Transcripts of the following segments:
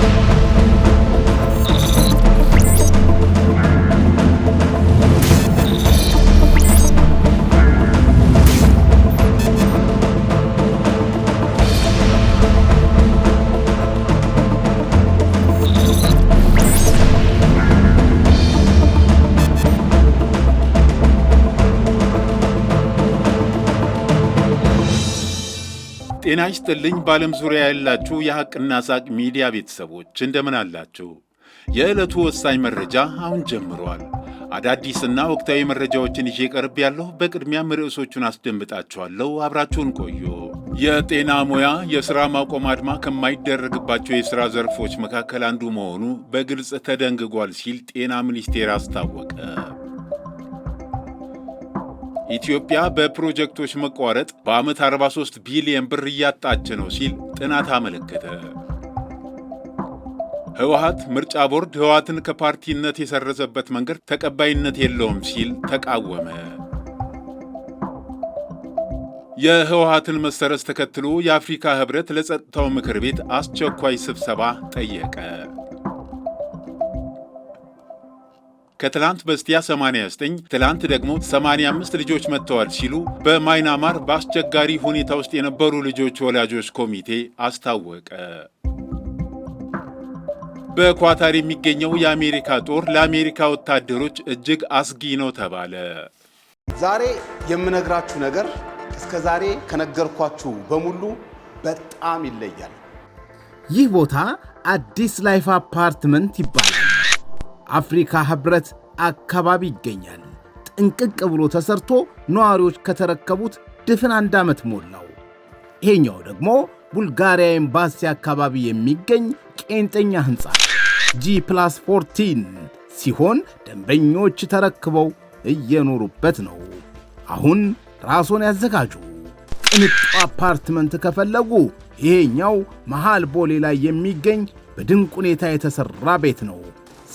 Thank you. ጤና ይስጥልኝ በዓለም ዙሪያ ያላችሁ የሐቅና ሳቅ ሚዲያ ቤተሰቦች እንደምን አላችሁ? የዕለቱ ወሳኝ መረጃ አሁን ጀምሯል። አዳዲስና ወቅታዊ መረጃዎችን ይዤ ቀርብ ያለሁ። በቅድሚያም ርዕሶቹን አስደምጣችኋለሁ። አብራችሁን ቆዩ። የጤና ሙያ የሥራ ማቆም አድማ ከማይደረግባቸው የሥራ ዘርፎች መካከል አንዱ መሆኑ በግልጽ ተደንግጓል ሲል ጤና ሚኒስቴር አስታወቀ። ኢትዮጵያ በፕሮጀክቶች መቋረጥ በዓመት 43 ቢሊየን ብር እያጣች ነው ሲል ጥናት አመለከተ። ህወሀት ምርጫ ቦርድ ህወሀትን ከፓርቲነት የሰረዘበት መንገድ ተቀባይነት የለውም ሲል ተቃወመ። የህወሀትን መሰረዝ ተከትሎ የአፍሪካ ህብረት ለጸጥታው ምክር ቤት አስቸኳይ ስብሰባ ጠየቀ። ከትላንት በስቲያ 89 ትላንት ደግሞ 85 ልጆች መጥተዋል ሲሉ በማይናማር በአስቸጋሪ ሁኔታ ውስጥ የነበሩ ልጆች ወላጆች ኮሚቴ አስታወቀ። በኳታር የሚገኘው የአሜሪካ ጦር ለአሜሪካ ወታደሮች እጅግ አስጊ ነው ተባለ። ዛሬ የምነግራችሁ ነገር እስከ ዛሬ ከነገርኳችሁ በሙሉ በጣም ይለያል። ይህ ቦታ አዲስ ላይፍ አፓርትመንት ይባላል። አፍሪካ ኅብረት አካባቢ ይገኛል። ጥንቅቅ ብሎ ተሰርቶ ነዋሪዎች ከተረከቡት ድፍን አንድ ዓመት ሞላው። ይሄኛው ደግሞ ቡልጋሪያ ኤምባሲ አካባቢ የሚገኝ ቄንጠኛ ሕንፃ ጂ ፕላስ 14 ሲሆን ደንበኞች ተረክበው እየኖሩበት ነው። አሁን ራስዎን ያዘጋጁ። ቅንጡ አፓርትመንት ከፈለጉ ይሄኛው መሃል ቦሌ ላይ የሚገኝ በድንቅ ሁኔታ የተሠራ ቤት ነው።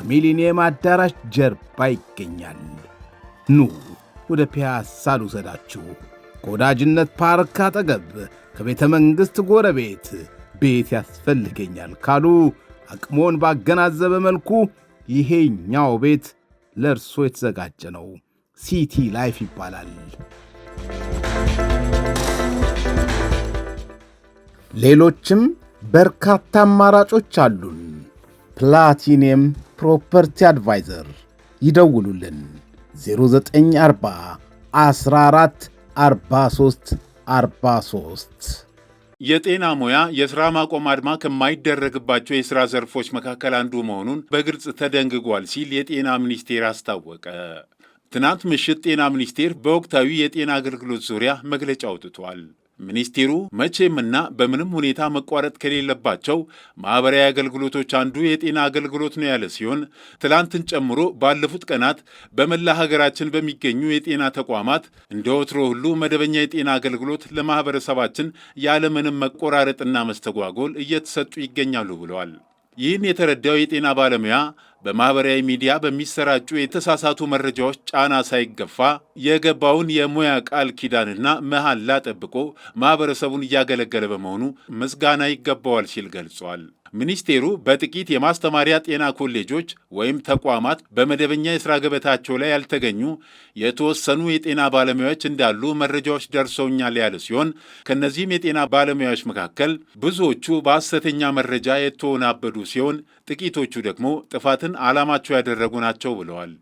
ከሚሊኒየም አዳራሽ ጀርባ ይገኛል። ኑ ወደ ፒያሳ ልውሰዳችሁ። ከወዳጅነት ፓርክ አጠገብ ከቤተ መንግሥት ጎረቤት ቤት ያስፈልገኛል ካሉ አቅሞን ባገናዘበ መልኩ ይሄኛው ቤት ለእርሶ የተዘጋጀ ነው። ሲቲ ላይፍ ይባላል። ሌሎችም በርካታ አማራጮች አሉን። ፕላቲኒየም ፕሮፐርቲ አድቫይዘር ይደውሉልን 0940 14 43 43 የጤና ሙያ የሥራ ማቆም አድማ ከማይደረግባቸው የሥራ ዘርፎች መካከል አንዱ መሆኑን በግልጽ ተደንግጓል ሲል የጤና ሚኒስቴር አስታወቀ። ትናንት ምሽት ጤና ሚኒስቴር በወቅታዊ የጤና አገልግሎት ዙሪያ መግለጫ አውጥቷል። ሚኒስቴሩ መቼምና በምንም ሁኔታ መቋረጥ ከሌለባቸው ማኅበራዊ አገልግሎቶች አንዱ የጤና አገልግሎት ነው ያለ ሲሆን ትላንትን ጨምሮ ባለፉት ቀናት በመላ ሀገራችን በሚገኙ የጤና ተቋማት እንደ ወትሮ ሁሉ መደበኛ የጤና አገልግሎት ለማኅበረሰባችን ያለምንም መቆራረጥና መስተጓጎል እየተሰጡ ይገኛሉ ብለዋል። ይህን የተረዳው የጤና ባለሙያ በማኅበራዊ ሚዲያ በሚሰራጩ የተሳሳቱ መረጃዎች ጫና ሳይገፋ የገባውን የሙያ ቃል ኪዳንና መሐላ ጠብቆ ማኅበረሰቡን እያገለገለ በመሆኑ ምስጋና ይገባዋል ሲል ገልጿል። ሚኒስቴሩ በጥቂት የማስተማሪያ ጤና ኮሌጆች ወይም ተቋማት በመደበኛ የሥራ ገበታቸው ላይ ያልተገኙ የተወሰኑ የጤና ባለሙያዎች እንዳሉ መረጃዎች ደርሰውኛል ያለ ሲሆን ከእነዚህም የጤና ባለሙያዎች መካከል ብዙዎቹ በሐሰተኛ መረጃ የተወናበዱ ሲሆን፣ ጥቂቶቹ ደግሞ ጥፋትን ዓላማቸው ያደረጉ ናቸው ብለዋል።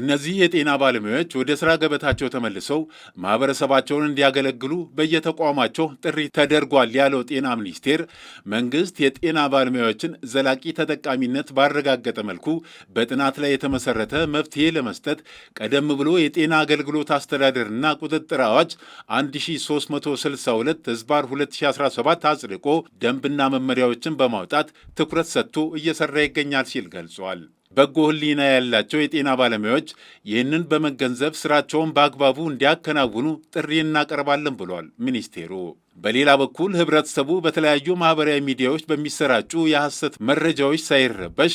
እነዚህ የጤና ባለሙያዎች ወደ ስራ ገበታቸው ተመልሰው ማህበረሰባቸውን እንዲያገለግሉ በየተቋማቸው ጥሪ ተደርጓል ያለው ጤና ሚኒስቴር መንግስት የጤና ባለሙያዎችን ዘላቂ ተጠቃሚነት ባረጋገጠ መልኩ በጥናት ላይ የተመሰረተ መፍትሄ ለመስጠት ቀደም ብሎ የጤና አገልግሎት አስተዳደርና ቁጥጥር አዋጅ 1362 ህዝባር 2017 አጽድቆ ደንብና መመሪያዎችን በማውጣት ትኩረት ሰጥቶ እየሰራ ይገኛል ሲል ገልጿል። በጎ ሕሊና ያላቸው የጤና ባለሙያዎች ይህንን በመገንዘብ ስራቸውን በአግባቡ እንዲያከናውኑ ጥሪ እናቀርባለን ብሏል ሚኒስቴሩ። በሌላ በኩል ህብረተሰቡ በተለያዩ ማህበራዊ ሚዲያዎች በሚሰራጩ የሐሰት መረጃዎች ሳይረበሽ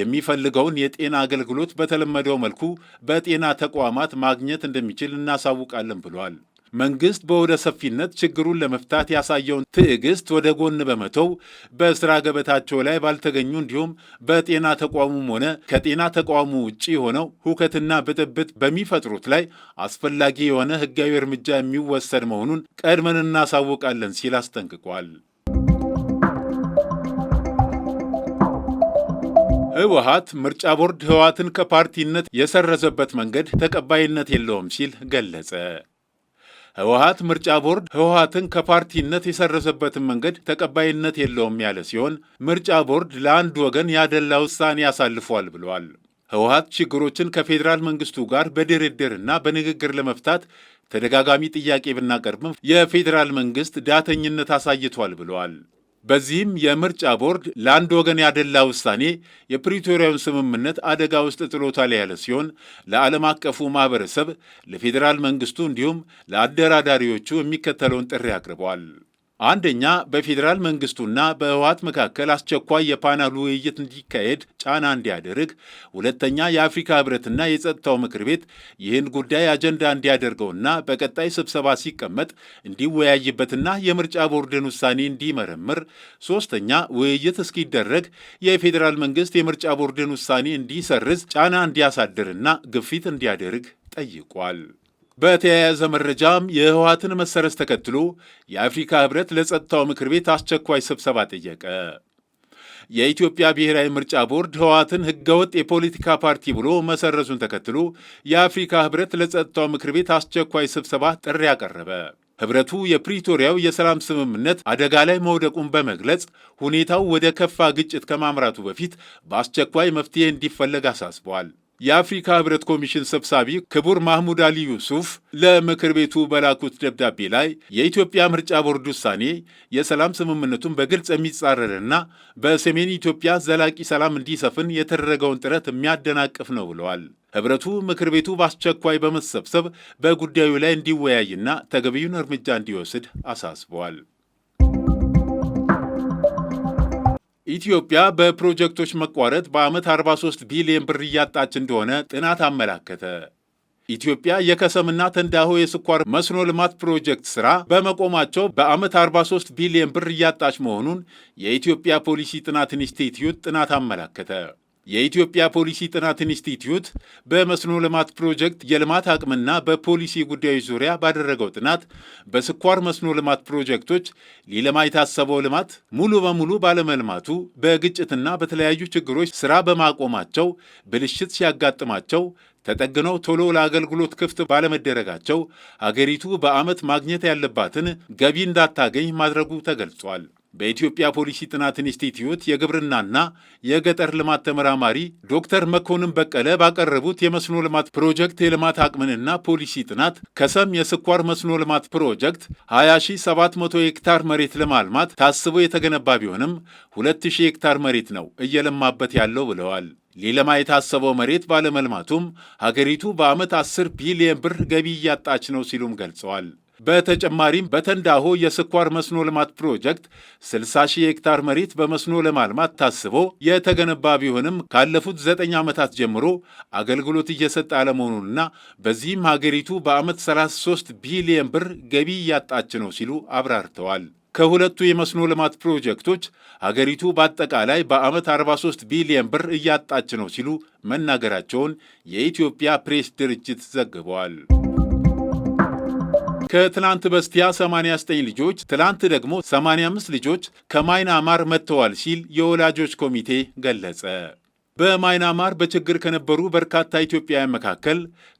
የሚፈልገውን የጤና አገልግሎት በተለመደው መልኩ በጤና ተቋማት ማግኘት እንደሚችል እናሳውቃለን ብሏል። መንግስት በወደ ሰፊነት ችግሩን ለመፍታት ያሳየውን ትዕግስት ወደ ጎን በመተው በስራ ገበታቸው ላይ ባልተገኙ እንዲሁም በጤና ተቋሙም ሆነ ከጤና ተቋሙ ውጭ ሆነው ሁከትና ብጥብጥ በሚፈጥሩት ላይ አስፈላጊ የሆነ ህጋዊ እርምጃ የሚወሰድ መሆኑን ቀድመን እናሳውቃለን ሲል አስጠንቅቋል። ህወሀት ምርጫ ቦርድ ህወሀትን ከፓርቲነት የሰረዘበት መንገድ ተቀባይነት የለውም ሲል ገለጸ። ህወሀት ምርጫ ቦርድ ህወሀትን ከፓርቲነት የሰረዘበትን መንገድ ተቀባይነት የለውም ያለ ሲሆን ምርጫ ቦርድ ለአንድ ወገን ያደላ ውሳኔ ያሳልፏል ብለዋል። ህወሀት ችግሮችን ከፌዴራል መንግስቱ ጋር በድርድርና በንግግር ለመፍታት ተደጋጋሚ ጥያቄ ብናቀርብም የፌዴራል መንግስት ዳተኝነት አሳይቷል ብለዋል። በዚህም የምርጫ ቦርድ ለአንድ ወገን ያደላ ውሳኔ የፕሪቶሪያውን ስምምነት አደጋ ውስጥ ጥሎታል ያለ ሲሆን ለዓለም አቀፉ ማህበረሰብ፣ ለፌዴራል መንግስቱ እንዲሁም ለአደራዳሪዎቹ የሚከተለውን ጥሪ አቅርበዋል። አንደኛ በፌዴራል መንግስቱና በህወሀት መካከል አስቸኳይ የፓናል ውይይት እንዲካሄድ ጫና እንዲያደርግ፣ ሁለተኛ የአፍሪካ ህብረትና የጸጥታው ምክር ቤት ይህን ጉዳይ አጀንዳ እንዲያደርገውና በቀጣይ ስብሰባ ሲቀመጥ እንዲወያይበትና የምርጫ ቦርድን ውሳኔ እንዲመረምር፣ ሶስተኛ ውይይት እስኪደረግ የፌዴራል መንግስት የምርጫ ቦርድን ውሳኔ እንዲሰርዝ ጫና እንዲያሳድርና ግፊት እንዲያደርግ ጠይቋል። በተያያዘ መረጃም የህወሀትን መሰረዝ ተከትሎ የአፍሪካ ህብረት ለጸጥታው ምክር ቤት አስቸኳይ ስብሰባ ጠየቀ። የኢትዮጵያ ብሔራዊ ምርጫ ቦርድ ህወሀትን ህገወጥ የፖለቲካ ፓርቲ ብሎ መሰረዙን ተከትሎ የአፍሪካ ህብረት ለጸጥታው ምክር ቤት አስቸኳይ ስብሰባ ጥሪ አቀረበ። ህብረቱ የፕሪቶሪያው የሰላም ስምምነት አደጋ ላይ መውደቁን በመግለጽ ሁኔታው ወደ ከፋ ግጭት ከማምራቱ በፊት በአስቸኳይ መፍትሄ እንዲፈለግ አሳስቧል። የአፍሪካ ህብረት ኮሚሽን ሰብሳቢ ክቡር ማህሙድ አሊ ዩሱፍ ለምክር ቤቱ በላኩት ደብዳቤ ላይ የኢትዮጵያ ምርጫ ቦርድ ውሳኔ የሰላም ስምምነቱን በግልጽ የሚጻረርና በሰሜን ኢትዮጵያ ዘላቂ ሰላም እንዲሰፍን የተደረገውን ጥረት የሚያደናቅፍ ነው ብለዋል። ህብረቱ ምክር ቤቱ በአስቸኳይ በመሰብሰብ በጉዳዩ ላይ እንዲወያይና ተገቢውን እርምጃ እንዲወስድ አሳስበዋል። ኢትዮጵያ በፕሮጀክቶች መቋረጥ በዓመት 43 ቢሊዮን ብር እያጣች እንደሆነ ጥናት አመላከተ። ኢትዮጵያ የከሰምና ተንዳሆ የስኳር መስኖ ልማት ፕሮጀክት ሥራ በመቆማቸው በዓመት 43 ቢሊዮን ብር እያጣች መሆኑን የኢትዮጵያ ፖሊሲ ጥናት ኢንስቲትዩት ጥናት አመላከተ። የኢትዮጵያ ፖሊሲ ጥናት ኢንስቲትዩት በመስኖ ልማት ፕሮጀክት የልማት አቅምና በፖሊሲ ጉዳዮች ዙሪያ ባደረገው ጥናት በስኳር መስኖ ልማት ፕሮጀክቶች ሊለማ የታሰበው ልማት ሙሉ በሙሉ ባለመልማቱ በግጭትና በተለያዩ ችግሮች ስራ በማቆማቸው ብልሽት ሲያጋጥማቸው ተጠግነው ቶሎ ለአገልግሎት ክፍት ባለመደረጋቸው አገሪቱ በዓመት ማግኘት ያለባትን ገቢ እንዳታገኝ ማድረጉ ተገልጿል። በኢትዮጵያ ፖሊሲ ጥናት ኢንስቲትዩት የግብርናና የገጠር ልማት ተመራማሪ ዶክተር መኮንን በቀለ ባቀረቡት የመስኖ ልማት ፕሮጀክት የልማት አቅምንና ፖሊሲ ጥናት ከሰም የስኳር መስኖ ልማት ፕሮጀክት 20700 ሄክታር መሬት ለማልማት ታስቦ የተገነባ ቢሆንም 2000 ሄክታር መሬት ነው እየለማበት ያለው ብለዋል። ሊለማ የታሰበው መሬት ባለመልማቱም ሀገሪቱ በዓመት 10 ቢሊየን ብር ገቢ እያጣች ነው ሲሉም ገልጸዋል። በተጨማሪም በተንዳሆ የስኳር መስኖ ልማት ፕሮጀክት 60 ሺህ ሄክታር መሬት በመስኖ ለማልማት ታስቦ የተገነባ ቢሆንም ካለፉት ዘጠኝ ዓመታት ጀምሮ አገልግሎት እየሰጠ አለመሆኑንና በዚህም ሀገሪቱ በዓመት 33 ቢሊየን ብር ገቢ እያጣች ነው ሲሉ አብራርተዋል። ከሁለቱ የመስኖ ልማት ፕሮጀክቶች ሀገሪቱ በአጠቃላይ በዓመት 43 ቢሊየን ብር እያጣች ነው ሲሉ መናገራቸውን የኢትዮጵያ ፕሬስ ድርጅት ዘግበዋል። ከትላንት በስቲያ 89 ልጆች፣ ትላንት ደግሞ 85 ልጆች ከማይናማር መጥተዋል ሲል የወላጆች ኮሚቴ ገለጸ። በማይናማር በችግር ከነበሩ በርካታ ኢትዮጵያውያን መካከል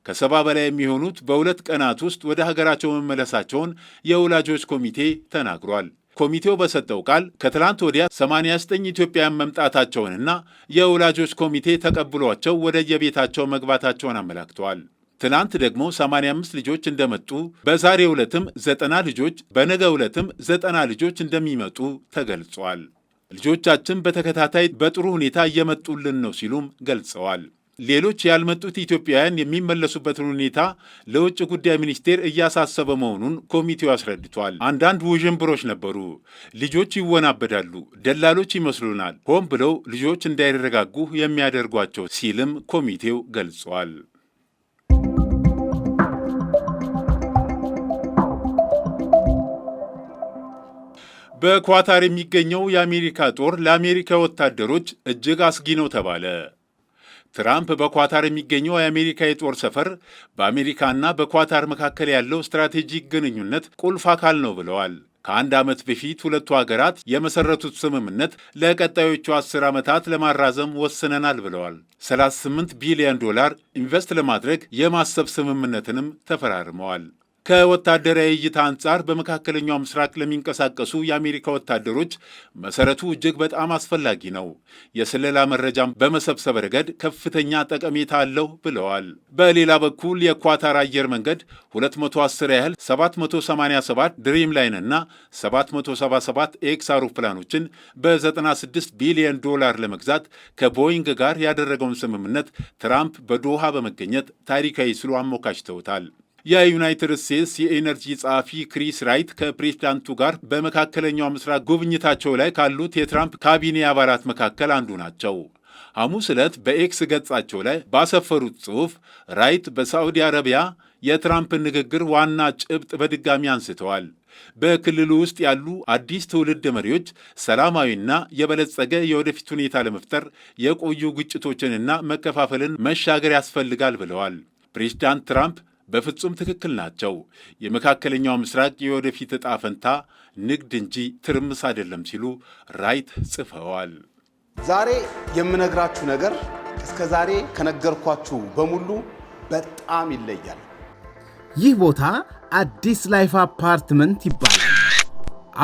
ከሰባ በላይ የሚሆኑት በሁለት ቀናት ውስጥ ወደ ሀገራቸው መመለሳቸውን የወላጆች ኮሚቴ ተናግሯል። ኮሚቴው በሰጠው ቃል ከትላንት ወዲያ 89 ኢትዮጵያውያን መምጣታቸውንና የወላጆች ኮሚቴ ተቀብሏቸው ወደ የቤታቸው መግባታቸውን አመላክተዋል። ትናንት ደግሞ 85 ልጆች እንደመጡ በዛሬ ዕለትም 90 ልጆች በነገ ዕለትም 90 ልጆች እንደሚመጡ ተገልጿል። ልጆቻችን በተከታታይ በጥሩ ሁኔታ እየመጡልን ነው ሲሉም ገልጸዋል። ሌሎች ያልመጡት ኢትዮጵያውያን የሚመለሱበትን ሁኔታ ለውጭ ጉዳይ ሚኒስቴር እያሳሰበ መሆኑን ኮሚቴው አስረድቷል። አንዳንድ ውዥንብሮች ነበሩ። ልጆች ይወናበዳሉ፣ ደላሎች ይመስሉናል፣ ሆን ብለው ልጆች እንዳይረጋጉ የሚያደርጓቸው ሲልም ኮሚቴው ገልጿል። በኳታር የሚገኘው የአሜሪካ ጦር ለአሜሪካ ወታደሮች እጅግ አስጊ ነው ተባለ። ትራምፕ በኳታር የሚገኘው የአሜሪካ የጦር ሰፈር በአሜሪካና በኳታር መካከል ያለው ስትራቴጂክ ግንኙነት ቁልፍ አካል ነው ብለዋል። ከአንድ ዓመት በፊት ሁለቱ ሀገራት የመሰረቱት ስምምነት ለቀጣዮቹ አስር ዓመታት ለማራዘም ወስነናል ብለዋል። 38 ቢሊዮን ዶላር ኢንቨስት ለማድረግ የማሰብ ስምምነትንም ተፈራርመዋል። ከወታደራዊ እይታ አንጻር በመካከለኛው ምስራቅ ለሚንቀሳቀሱ የአሜሪካ ወታደሮች መሰረቱ እጅግ በጣም አስፈላጊ ነው። የስለላ መረጃም በመሰብሰብ ረገድ ከፍተኛ ጠቀሜታ አለው ብለዋል። በሌላ በኩል የኳታር አየር መንገድ 210 ያህል 787 ድሪም ላይን እና 777 ኤክስ አውሮፕላኖችን በ96 ቢሊዮን ዶላር ለመግዛት ከቦይንግ ጋር ያደረገውን ስምምነት ትራምፕ በዶሃ በመገኘት ታሪካዊ ስሉ አሞካሽተውታል። የዩናይትድ ስቴትስ የኤነርጂ ጸሐፊ ክሪስ ራይት ከፕሬዚዳንቱ ጋር በመካከለኛው ምስራቅ ጉብኝታቸው ላይ ካሉት የትራምፕ ካቢኔ አባላት መካከል አንዱ ናቸው። ሐሙስ ዕለት በኤክስ ገጻቸው ላይ ባሰፈሩት ጽሑፍ ራይት በሳዑዲ አረቢያ የትራምፕን ንግግር ዋና ጭብጥ በድጋሚ አንስተዋል። በክልሉ ውስጥ ያሉ አዲስ ትውልድ መሪዎች ሰላማዊና የበለጸገ የወደፊት ሁኔታ ለመፍጠር የቆዩ ግጭቶችንና መከፋፈልን መሻገር ያስፈልጋል ብለዋል። ፕሬዚዳንት ትራምፕ በፍጹም ትክክል ናቸው። የመካከለኛው ምስራቅ የወደፊት ዕጣ ፈንታ ንግድ እንጂ ትርምስ አይደለም ሲሉ ራይት ጽፈዋል። ዛሬ የምነግራችሁ ነገር እስከ ዛሬ ከነገርኳችሁ በሙሉ በጣም ይለያል። ይህ ቦታ አዲስ ላይፍ አፓርትመንት ይባላል።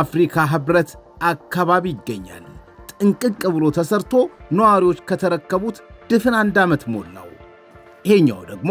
አፍሪካ ህብረት አካባቢ ይገኛል። ጥንቅቅ ብሎ ተሰርቶ ነዋሪዎች ከተረከቡት ድፍን አንድ ዓመት ሞላው። ይሄኛው ደግሞ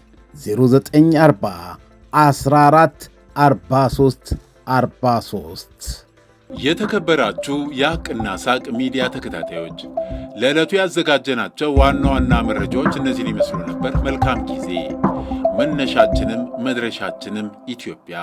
0940 14 43 የተከበራችሁ የሐቅና ሳቅ ሚዲያ ተከታታዮች ለዕለቱ ያዘጋጀናቸው ዋና ዋና መረጃዎች እነዚህን ይመስሉ ነበር። መልካም ጊዜ። መነሻችንም መድረሻችንም ኢትዮጵያ።